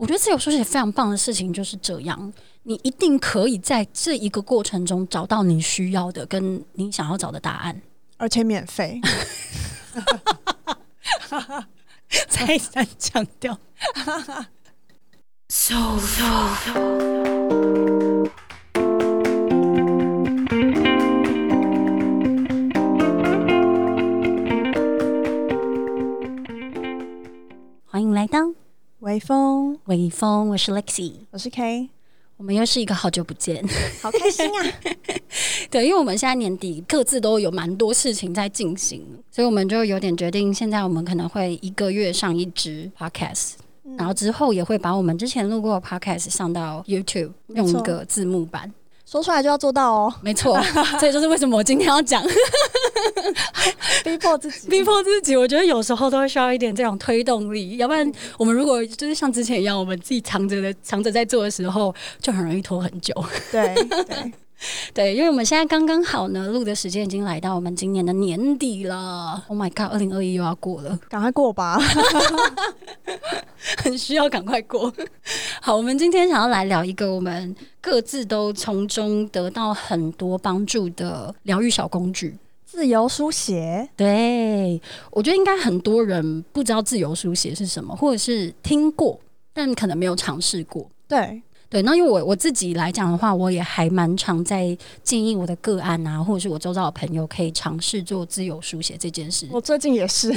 我覺得自由書寫非常棒的事情就是這樣，你一定可以在這一個過程中找到你需要的，跟你想要找的答案，而且免費。 再三強調。So, so, so. 歡迎來到。微風，微風，我是 Lexie，我是 K，我們又是一個好久不見，好開心啊！ 對，因為我們現在年底各自都有蠻多事情在進行，所以我們就有點決定，現在我們可能會一個月上一支 podcast，、嗯、然後之後也會把我們之前錄過的 podcast 上到 YouTube，沒錯、用一個字幕版。說出來就要做到哦、喔，沒錯，所以就是為什麼我今天要講， 逼迫自己， 逼迫自己，我覺得有時候都會需要一點這種推動力，要不然我們如果就是像之前一樣，我們自己藏着的、藏着在做的時候，就很容易拖很久。 對，對。對，因為我們現在剛剛好呢，錄的時間已經來到我們今年的年底了。Oh my god，二零二一又要過了，趕快過吧， 很需要趕快過。好，我們今天想要來聊一個我們各自都從中得到很多幫助的療癒小工具——自由書寫。對，我覺得應該很多人不知道自由書寫是什麼，或者是聽過，但可能沒有嘗試過。對。對，那因為我我自己來講的話，我也還蠻常在建議我的個案啊，或者是我周遭的朋友可以嘗試做自由書寫這件事。我最近也是，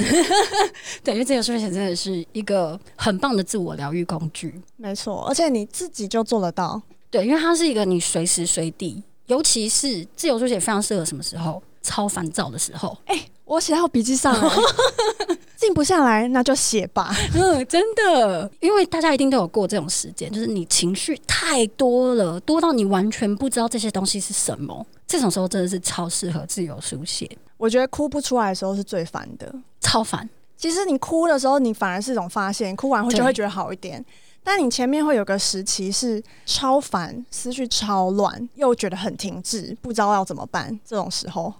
對，因為自由書寫真的是一個很棒的自我療癒工具。沒錯，而且你自己就做得到。對，因為它是一個你隨時隨地，尤其是自由書寫非常適合什麼時候？超煩躁的時候。誒、欸，我寫到我筆記上了。 靜不下來，那就寫吧。嗯，真的， 因為大家一定都有過這種時間，就是你情緒太多了，多到你完全不知道這些東西是什麼。這種時候真的是超適合自由書寫。我覺得哭不出來的時候是最煩的，超煩煩。其實你哭的時候，你反而是一種發現，哭完會就會覺得好一點。對但你前面會有個時期是超煩，思緒超亂，又覺得很停滯，不知道要怎麼辦。這種時候。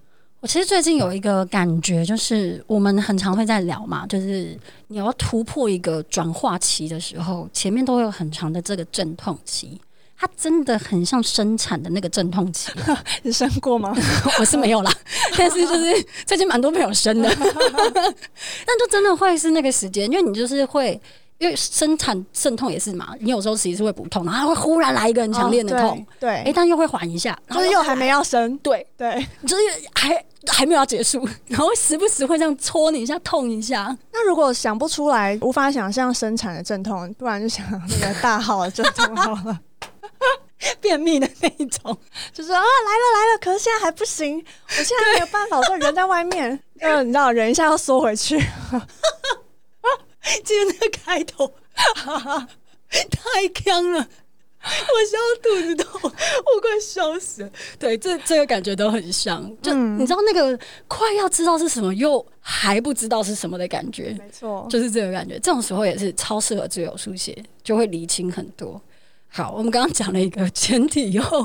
我其實最近有一個感覺，就是我們很常會在聊嘛，就是你要突破一個轉化期的時候，前面都會有很長的這個陣痛期，它真的很像生產的那個陣痛期。 你生過嗎？ 我是沒有啦， 但是就是最近蠻多朋友生的， 但就真的會是那個時間，因為你就是會。就生產陣痛也是嘛，你有時候其實會不痛，然後會忽然來一個很強烈的痛，哦、對，哎、欸，但又會緩一下，然後就，就是又還沒要生，對對，對就是還還沒有要結束，然後時不時會這樣戳你一下，痛一下。那如果想不出來，無法想象生產的陣痛，不然就想那個大號的陣痛好了， 便秘的那一種， 就是啊來了來了，可是現在還不行，我現在沒有辦法， 就人在外面，嗯， 你知道忍一下又縮回去。 今天那個開頭、啊、太香了，我笑肚子痛，我快笑死了。對，這這個感覺都很像，就、嗯、你知道那個快要知道是什麼，又還不知道是什麼的感覺，沒錯錯，就是這個感覺。這種時候也是超適合自由書寫，就會釐清很多。好，我們剛剛講了一個前提以後，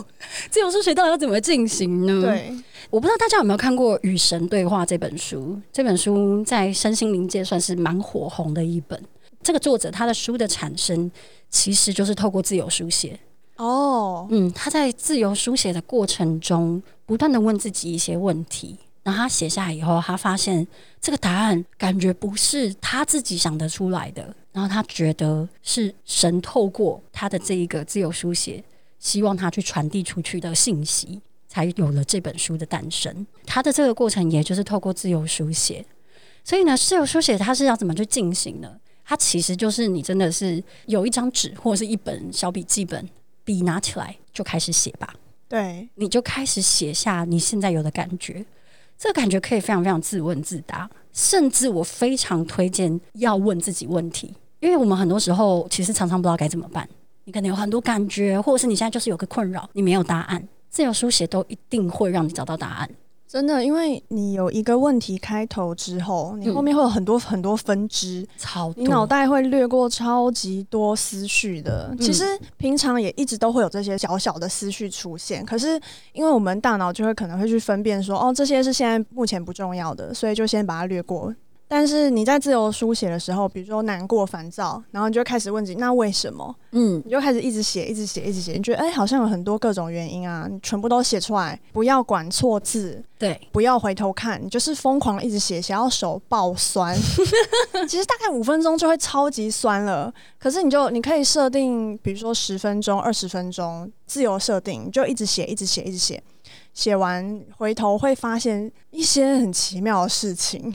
自由書寫到底要怎麼進行呢？對，我不知道大家有沒有看過《與神對話》這本書，這本書在身心靈界算是蠻火紅的一本。這個作者他的書的產生，其實就是透過自由書寫。哦，嗯，他在自由書寫的過程中，不斷地問自己一些問題，然後他寫下來以後，他發現這個答案感覺不是他自己想得出來的。然後他覺得是神透過他的這一個自由書寫，希望他去傳遞出去的信息，才有了這本書的誕生。他的這個過程也就是透過自由書寫。所以呢，自由書寫它是要怎麼去進行呢？它其實就是你真的是有一張紙或者是一本小筆記本，筆拿起來就開始寫吧。對，你就開始寫下你現在有的感覺。這個感覺可以非常非常自問自答。甚至我非常推薦要問自己問題，因為我們很多時候其實常常不知道該怎麼辦。你可能有很多感覺，或者是你現在就是有個困擾，你沒有答案。自由書寫都一定會讓你找到答案。真的，因為你有一個問題開頭之後，你後面會有很多很多分支，嗯、你腦袋會略過超級多思緒的。嗯、其實平常也一直都會有這些小小的思緒出現，可是因為我們大腦就會可能會去分辨說，哦，這些是現在目前不重要的，所以就先把它略過。但是你在自由書寫的時候，比如說難過、煩躁，然後你就開始問自己，那為什麼？嗯，你就開始一直寫、一直寫、一直寫，你覺得哎、欸，好像有很多各種原因啊，你全部都寫出來，不要管錯字，對，不要回頭看，你就是瘋狂一直寫，寫到手爆酸。 其實大概五分鐘就會超級酸了，可是你就你可以設定，比如說十分鐘、二十分鐘，自由設定，就一直寫、一直寫、一直寫，寫完回頭會發現一些很奇妙的事情。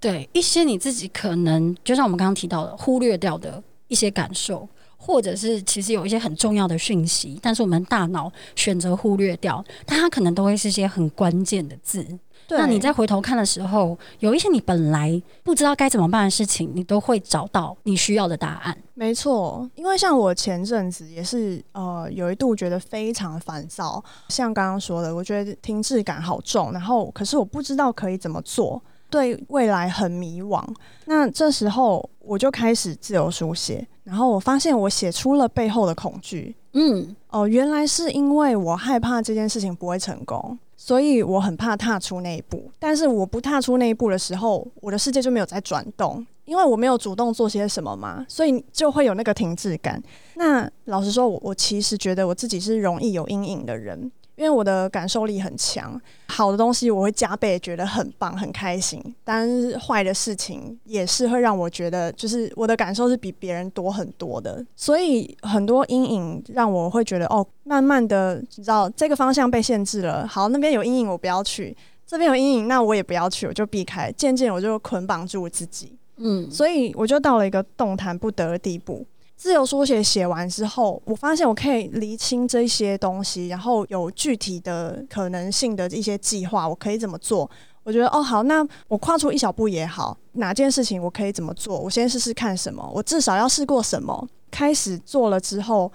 對一些你自己可能就像我們剛剛提到的忽略掉的一些感受，或者是其實有一些很重要的訊息，但是我們大腦選擇忽略掉，但它可能都會是一些很關鍵的字。對那你在回頭看的時候，有一些你本來不知道該怎麼辦的事情，你都會找到你需要的答案。沒錯，因為像我前陣子也是呃，有一度覺得非常煩躁，像剛剛說的，我覺得停滯感好重，然後可是我不知道可以怎麼做。對未來很迷惘，那這時候我就開始自由書寫，然後我發現我寫出了背後的恐懼。嗯，哦，原來是因為我害怕這件事情不會成功，所以我很怕踏出那一步。但是我不踏出那一步的時候，我的世界就沒有在轉動，因為我沒有主動做些什麼嘛，所以就會有那個停滯感。那老實說，我我其實覺得我自己是容易有陰影的人。因為我的感受力很強，好的東西我會加倍覺得很棒很開心，但是壞的事情也是會讓我覺得，就是我的感受是比別人多很多的，所以很多陰影讓我會覺得，哦，慢慢的，你知道這個方向被限制了，好，那邊有陰影我不要去，這邊有陰影那我也不要去，我就避開，漸漸我就捆綁住我自己，嗯，所以我就到了一個動彈不得的地步。自由書寫寫完之後，我發現我可以理清這些東西，然後有具體的可能性的一些計劃，我可以怎麼做？我覺得哦，好，那我跨出一小步也好，哪件事情我可以怎麼做？我先試試看什麼，我至少要試過什麼。開始做了之後，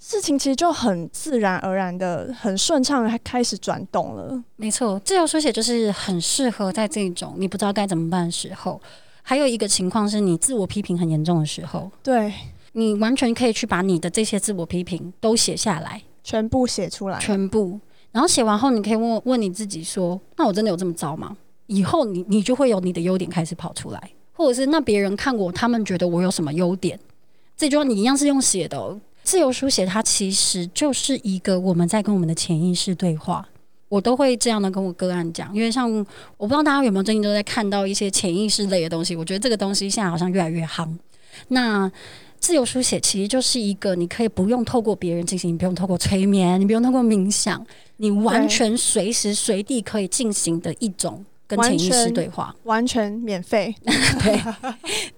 事情其實就很自然而然的、很順暢的開始轉動了。沒錯，自由書寫就是很適合在這種你不知道該怎麼辦的時候，還有一個情況是你自我批評很嚴重的時候。對。你完全可以去把你的這些自我批評都寫下來，全部寫出來，全部。然後寫完後，你可以問問你自己說：“那我真的有這麼糟嗎？”以後你你就會有你的優點開始跑出來，或者是那別人看我，他們覺得我有什麼優點，這句話你一樣是用寫的喔。自由書寫它其實就是一個我們在跟我們的潛意識對話。我都會這樣的跟我個案講，因為像我不知道大家有沒有最近都在看到一些潛意識類的東西，我覺得這個東西現在好像越來越夯。那自由書寫其實就是一個，你可以不用透過別人進行，你不用透過催眠，你不用透過冥想，你完全隨時隨地可以進行的一種跟潛意識對話，對，完全，完全免費。 對，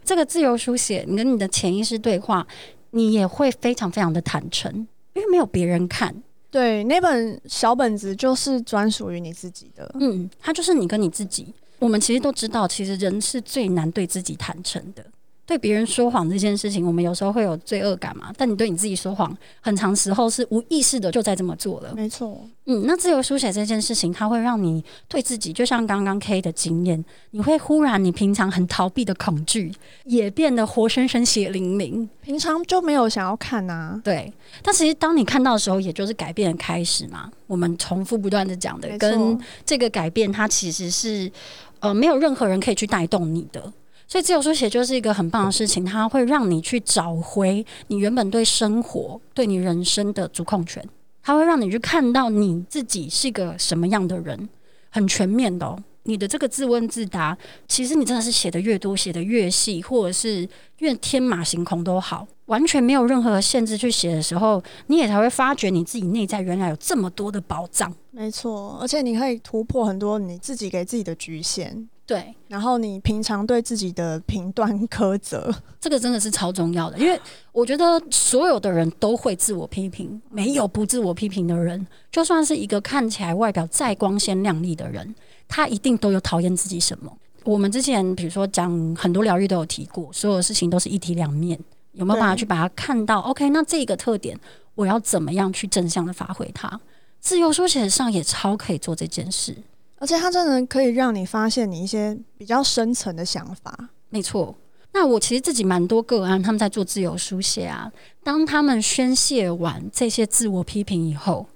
這個自由書寫，你跟你的潛意識對話，你也會非常非常的坦誠，因為沒有別人看。對，那本小本子就是專屬於你自己的。嗯，它就是你跟你自己。我們其實都知道，其實人是最難對自己坦誠的。對別人說謊這件事情，我們有時候會有罪惡感嘛？但你對你自己說謊，很常時候是無意識的就在這麼做了。沒錯，嗯，那自由書寫這件事情，它會讓你對自己，就像剛剛 K 的經驗，你會忽然你平常很逃避的恐懼，也變得活生生血淋淋。平常就沒有想要看吶、啊。對，但其實當你看到的時候，也就是改變的開始嘛。我們重複不斷的講的，沒錯。跟這個改變，它其實是呃沒有任何人可以去帶動你的。所以自由書寫就是一個很棒的事情，它會讓你去找回你原本對生活、對你人生的主控權。它會讓你去看到你自己是一個什麼樣的人，很全面的喔。你的這個自問自答，其實你真的是寫的越多、寫的越細，或者是越天馬行空都好，完全沒有任何限制去寫的時候，你也才會發覺你自己內在原來有這麼多的寶藏。沒錯，而且你可以突破很多你自己給自己的侷限。對，然後你平常對自己的評斷苛責，這個真的是超重要的。因為我覺得所有的人都會自我批評，沒有不自我批評的人。就算是一個看起來外表再光鮮亮麗的人，他一定都有討厭自己什麼。我們之前比如說講很多療癒都有提過，所有事情都是一體兩面，有沒有辦法去把它看到對？OK，那這個特點，我要怎麼樣去正向的發揮它？自由書寫上也超可以做這件事。而且它真的可以讓你發現你一些比較深層的想法。沒錯，那我其實自己蠻多個案，他們在做自由書寫啊。當他們宣洩完這些自我批評以後，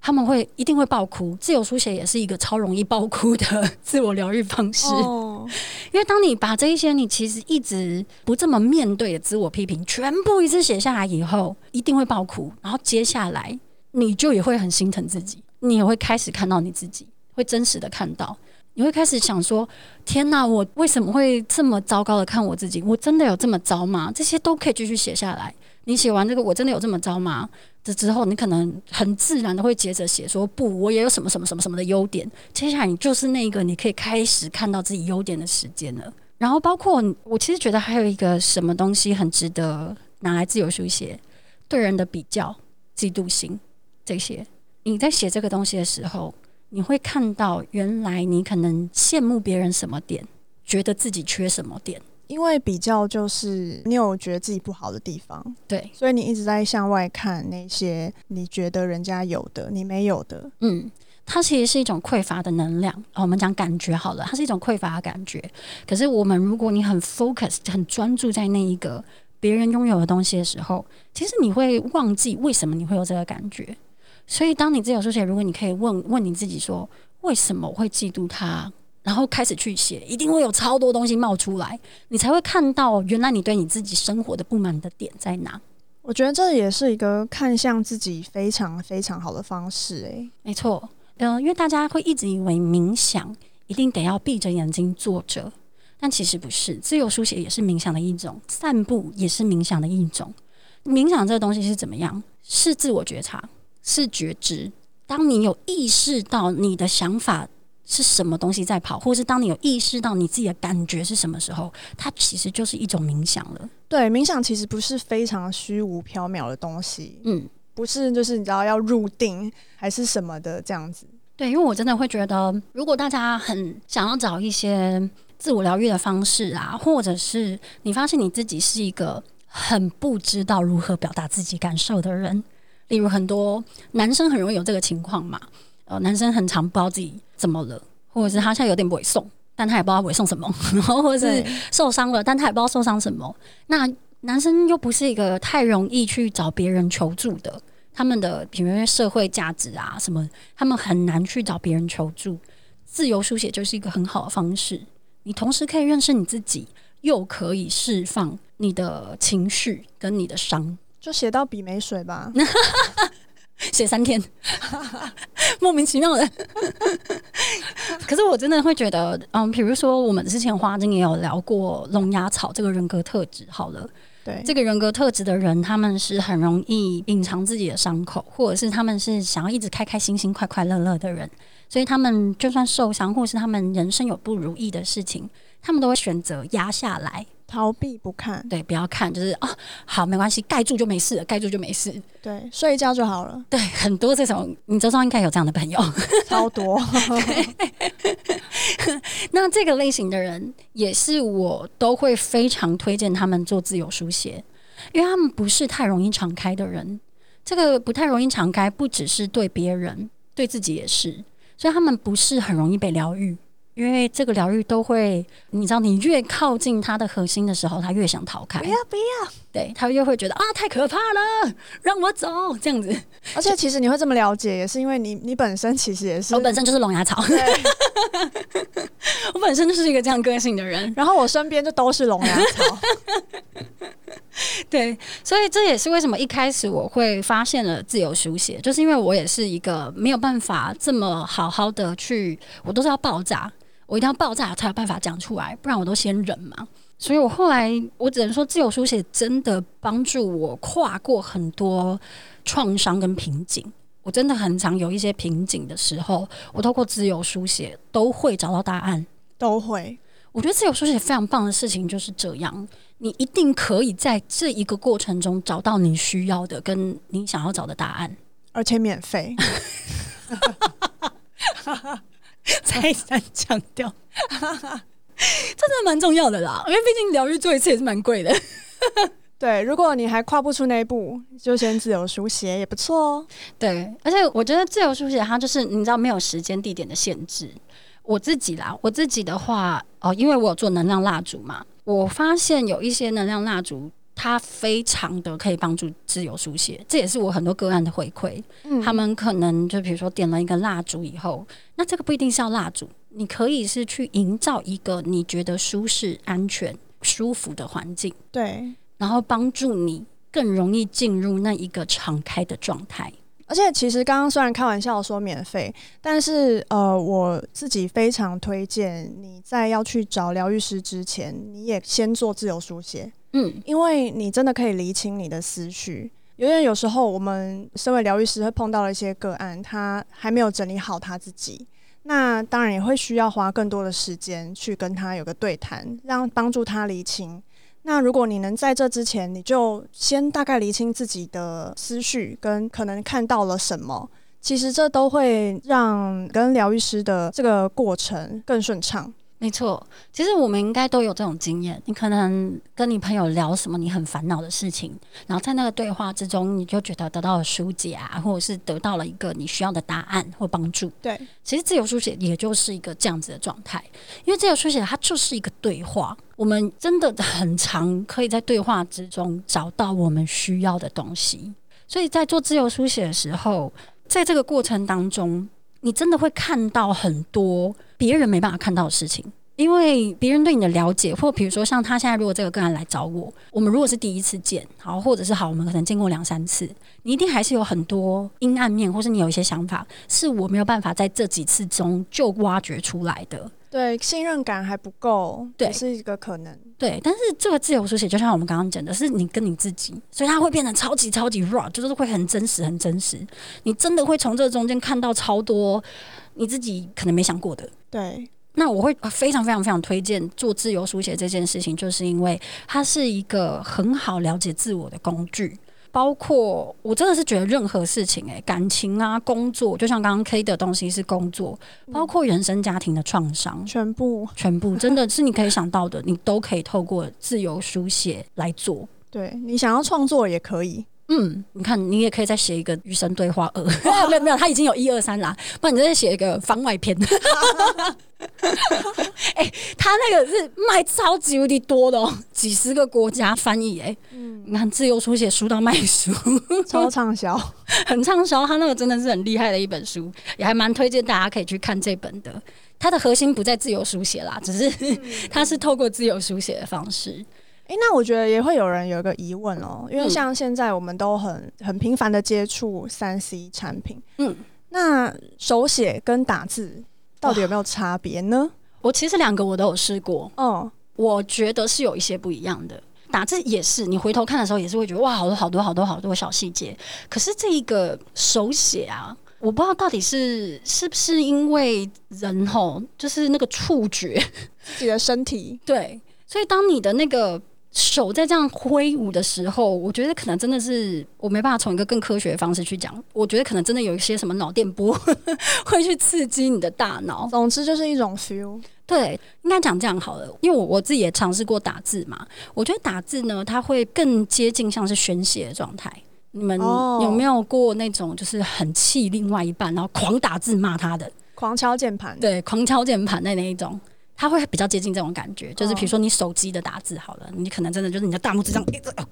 他們會一定會爆哭。自由書寫也是一個超容易爆哭的 自我療癒方式。哦，oh. 因為當你把這一些你其實一直不這麼面對的自我批評全部一次寫下來以後，一定會爆哭。然後接下來你就也會很心疼自己，你也會開始看到你自己。會真實的看到，你會開始想說：“天哪，我為什麼會這麼糟糕的看我自己？我真的有這麼糟嗎？”這些都可以繼續寫下來。你寫完這個，我真的有這麼糟嗎？這之後，你可能很自然的會接着寫說：“不，我也有什麼什麼什麼什麼的優點。”接下來，你就是那個你可以開始看到自己優點的時間了。然後，包括我其實覺得還有一個什麼東西很值得拿來自由書寫，對人的比較、嫉妒心，這些。你在寫這個東西的時候。你會看到，原來你可能羨慕別人什麼點，覺得自己缺什麼點，因為比較就是你有覺得自己不好的地方，對，所以你一直在向外看那些你覺得人家有的，你沒有的，嗯，它其實是一種匱乏的能量，哦。我們講感覺好了，它是一種匱乏的感覺。可是我們如果你很 focus、很專注在那一個別人擁有的東西的時候，其實你會忘記為什麼你會有這個感覺。所以，當你自由書寫，如果你可以問問你自己說為什麼會嫉妒他？然後開始去寫，一定會有超多東西冒出來，你才會看到原來你對你自己生活的不滿的點在哪。我覺得這也是一個看向自己非常非常好的方式，欸。誒，沒錯，呃，因為大家會一直以為冥想一定得要閉着眼睛坐着，但其實不是，自由書寫也是冥想的一種，散步也是冥想的一種。冥想這個東西是怎麼樣？是自我覺察。是覺知。當你有意識到你的想法是什麼東西在跑，或是當你有意識到你自己的感覺是什麼時候，它其實就是一種冥想了。對，冥想其實不是非常虛無縹緲的東西。嗯，不是，就是你知道要入定還是什麼的這樣子。對，因為我真的會覺得，如果大家很想要找一些自我療癒的方式啊，或者是你發現你自己是一個很不知道如何表達自己感受的人。例如很多男生很容易有這個情況嘛，呃，男生很常不知道自己怎麼了，或者是他現在有點萎送，但他也不知道萎送什麼，或者是受傷了，對但他也不知道受傷什麼。那男生又不是一個太容易去找別人求助的，他們的比如社會價值啊什麼，他們很難去找別人求助。自由書寫就是一個很好的方式，你同時可以認識你自己，又可以釋放你的情緒跟你的傷。就寫到筆沒水吧，寫 寫三天， 莫名其妙的。 可是我真的會覺得，嗯，比如說我們之前花精也有聊過龍牙草這個人格特質好了。對，這個人格特質的人，他們是很容易隱藏自己的傷口，或者是他們是想要一直開開心心、快快樂樂的人，所以他們就算受傷，或是他們人生有不如意的事情，他們都會選擇壓下來。逃避不看，對，不要看，就是啊、哦，好，沒關係，蓋住就沒事了，蓋住就沒事。對，睡一覺就好了。對，很多這種，你周遭應該有這樣的朋友， 超多。 那這個類型的人，也是我都會非常推薦他們做自由書寫，因為他們不是太容易敞開的人。這個不太容易敞開，不只是對別人，對自己也是，所以他們不是很容易被療癒。因為這個療癒都會，你知道，你越靠近他的核心的時候，他越想逃開。不要不要，不要，對他又會覺得啊，太可怕了，讓我走這樣子。而且其實你會這麼了解，也是因為你你本身其實也是，我本身就是龍牙草，對 我本身就是一個這樣個性的人。 然後我身邊就都是龍牙草， 對，所以這也是為什麼一開始我會發現了自由書寫，就是因為我也是一個沒有辦法這麼好好的去，我都是要爆炸。我一定要爆炸才有辦法講出來，不然我都先忍嘛。所以我後來我只能說，自由書寫真的幫助我跨過很多創傷跟瓶頸。我真的很常有一些瓶頸的時候，我透過自由書寫都會找到答案，都會。我覺得自由書寫非常棒的事情就是這樣，你一定可以在這一個過程中找到你需要的跟你想要找的答案，而且免費。 再三強調，這哈哈 真的蠻重要的啦，因為畢竟療癒做一次也是蠻貴的。對，如果你還跨不出那一步，就先自由書寫 也不錯哦。對，而且我覺得自由書寫它就是你知道沒有時間地點的限制。我自己啦，我自己的話哦,因為我有做能量蠟燭嘛，我發現有一些能量蠟燭。它非常的可以幫助自由書寫，這也是我很多個案的回饋。嗯，他們可能就比如說點了一個蠟燭以後，那這個不一定是要蠟燭，你可以是去營造一個你覺得舒適、安全、舒服的環境，對，然後幫助你更容易進入那一個敞開的狀態。而且其實剛剛雖然開玩笑我說免費，但是呃，我自己非常推薦你在要去找療癒師之前，你也先做自由書寫。嗯，因為你真的可以理清你的思緒，因為有時候我們身為療癒師會碰到了一些個案，他還沒有整理好他自己，那當然也會需要花更多的時間去跟他有個對談，讓幫助他理清。那如果你能在這之前，你就先大概理清自己的思緒跟可能看到了什麼，其實這都會讓跟療癒師的這個過程更順暢。沒錯，其實我們應該都有這種經驗。你可能跟你朋友聊什麼你很煩惱的事情，然後在那個對話之中，你就覺得得到了疏解啊，或者是得到了一個你需要的答案或幫助。對，其實自由書寫也就是一個這樣子的狀態，因為自由書寫它就是一個對話。我們真的很常可以在對話之中找到我們需要的東西，所以在做自由書寫的時候，在這個過程當中，你真的會看到很多。別人沒辦法看到的事情，因為別人對你的了解，或比如說像他現在如果這個個案來找我，我們如果是第一次見，好，或者是好，我們可能見過兩三次，你一定還是有很多陰暗面，或是你有一些想法，是我沒有辦法在這幾次中就挖掘出來的。對，信任感還不夠，對，也是一個可能對。對，但是這個自由書寫，就像我們剛剛講的，是你跟你自己，所以它會變得超級超級 raw，就是會很真實，很真實。你真的會從這中間看到超多。你自己可能沒想過的，對。那我會非常非常非常推薦做自由書寫這件事情，就是因為它是一個很好了解自我的工具。包括我真的是覺得任何事情、欸，誒，感情啊，工作，就像剛剛 K 的東西是工作，嗯、包括原生家庭的創傷，全部，全部，真的是你可以想到的， 你都可以透過自由書寫來做。對，你想要創作也可以。嗯，你看，你也可以再寫一個《與神對話二》。哇 沒有沒有，他已經有一二三啦。不然，你再寫一個番外篇。哎、 欸，他那個是賣超級無敵多的哦，幾十個國家翻譯哎、欸。嗯，那自由書寫書到賣書超暢銷， 很暢銷。他那個真的是很厲害的一本書，也還蠻推薦大家可以去看這本的。它的核心不在自由書寫啦，只是它是透過自由書寫的方式。誒、欸，那我覺得也會有人有一個疑問哦、喔，因為像現在我們都很很頻繁的接觸三 C 產品，嗯，那手寫跟打字到底有沒有差別呢？我其實兩個我都有試過，嗯、哦，我覺得是有一些不一樣的。打字也是，你回頭看的時候也是會覺得哇，好多好多好多好多小細節。可是這一個手寫啊，我不知道到底是是不是因為人吼，就是那個觸覺自己的身體， 對，所以當你的那個。手在這樣揮舞的時候，我覺得可能真的是我沒辦法從一個更科學的方式去講。我覺得可能真的有一些什麼腦電波 會去刺激你的大腦。總之就是一種 feel。對，應該講這樣好了，因為我我自己也嘗試過打字嘛。我覺得打字呢，它會更接近像是宣洩的狀態。你們有沒有過那種就是很氣另外一半，然後狂打字罵他的？狂敲鍵盤？對，狂敲鍵盤的那一種。它會比較接近這種感覺，就是比如說你手機的打字，好了，哦、你可能真的就是你的大拇指這樣，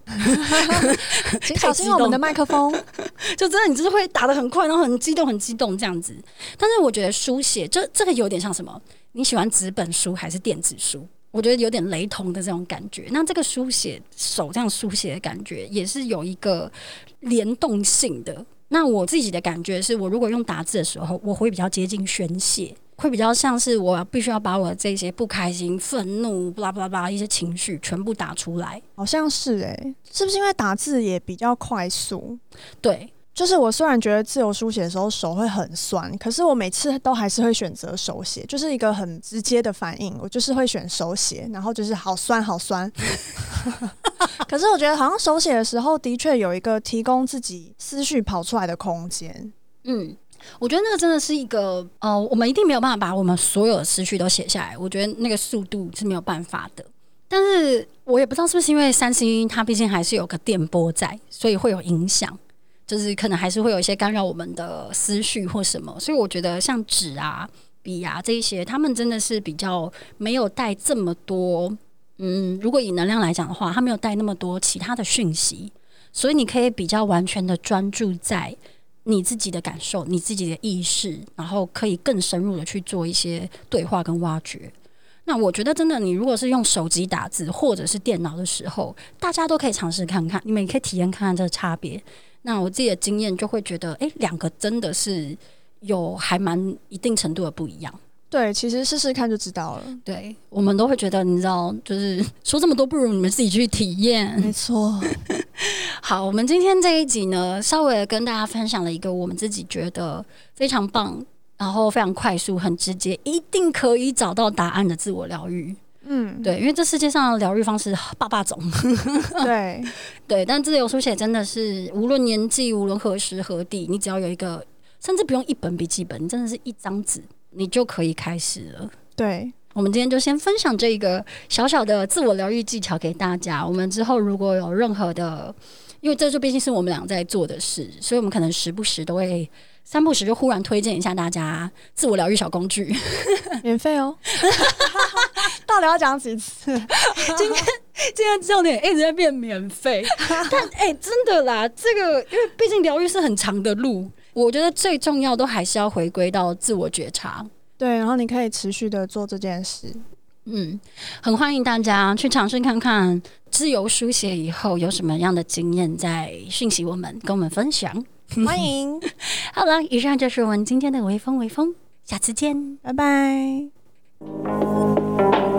小心我們的麥克風， 就真的你就是會打得很快，然後很激動，很激動這樣子。但是我覺得書寫，這這個有點像什麼？你喜歡紙本書還是電子書？我覺得有點雷同的這種感覺。那這個書寫手這樣書寫的感覺，也是有一個聯動性的。那我自己的感覺是我如果用打字的時候，我會比較接近宣泄。會比較像是我必須要把我這些不開心、憤怒、巴拉巴拉巴拉一些情緒全部打出來，好像是哎、欸，是不是因為打字也比較快速？對，就是我雖然覺得自由書寫的時候手會很酸，可是我每次都還是會選擇手寫，就是一個很直接的反應，我就是會選手寫，然後就是好酸好酸。 可是我覺得好像手寫的時候的確有一個提供自己思緒跑出來的空間，嗯。我覺得那個真的是一個，呃，我們一定沒有辦法把我們所有的思緒都寫下來。我覺得那個速度是沒有辦法的。但是，我也不知道是不是因為三星它畢竟還是有個電波在，所以會有影響，就是可能還是會有一些干擾我們的思緒或什麼。所以，我覺得像紙啊、筆啊這一些，它們真的是比較沒有帶這麼多，嗯，如果以能量來講的話，它沒有帶那麼多其他的訊息，所以你可以比較完全的專注在。你自己的感受，你自己的意識，然後可以更深入的去做一些對話跟挖掘。那我覺得，真的，你如果是用手機打字或者是電腦的時候，大家都可以嘗試看看，你們也可以體驗看看這個差別。那我自己的經驗就會覺得，誒，兩個真的是有還蠻一定程度的不一樣。對，其實試試看就知道了。對，我們都會覺得，你知道，就是說這麼多，不如你們自己去體驗。沒錯錯。 好，我們今天這一集呢，稍微跟大家分享了一個我們自己覺得非常棒，然後非常快速、很直接，一定可以找到答案的自我療癒。嗯，對，因為這世界上療癒方式百百種。對對，但自由書寫真的是，無論年紀，無論何時何地，你只要有一個，甚至不用一本筆記本，你真的是一張紙。你就可以開始了。對，我們今天就先分享這一個小小的自我療癒技巧給大家。我們之後如果有任何的，因為這就畢竟是我們倆在做的事，所以我們可能時不時都會三不時就忽然推薦一下大家自我療癒小工具，免費哦。 到底要講幾次？ 今天今天重點一直在變免費， 但哎、欸，真的啦，這個因為畢竟療癒是很長的路。我覺得最重要的都還是要回歸到自我覺察，對，然後你可以持續的做這件事，嗯，很歡迎大家去嘗試看看自由書寫以後有什麼樣的經驗在訊息我們，跟我們分享，歡迎。 好了，以上就是我們今天的微風，微風，下次見，拜拜。嗯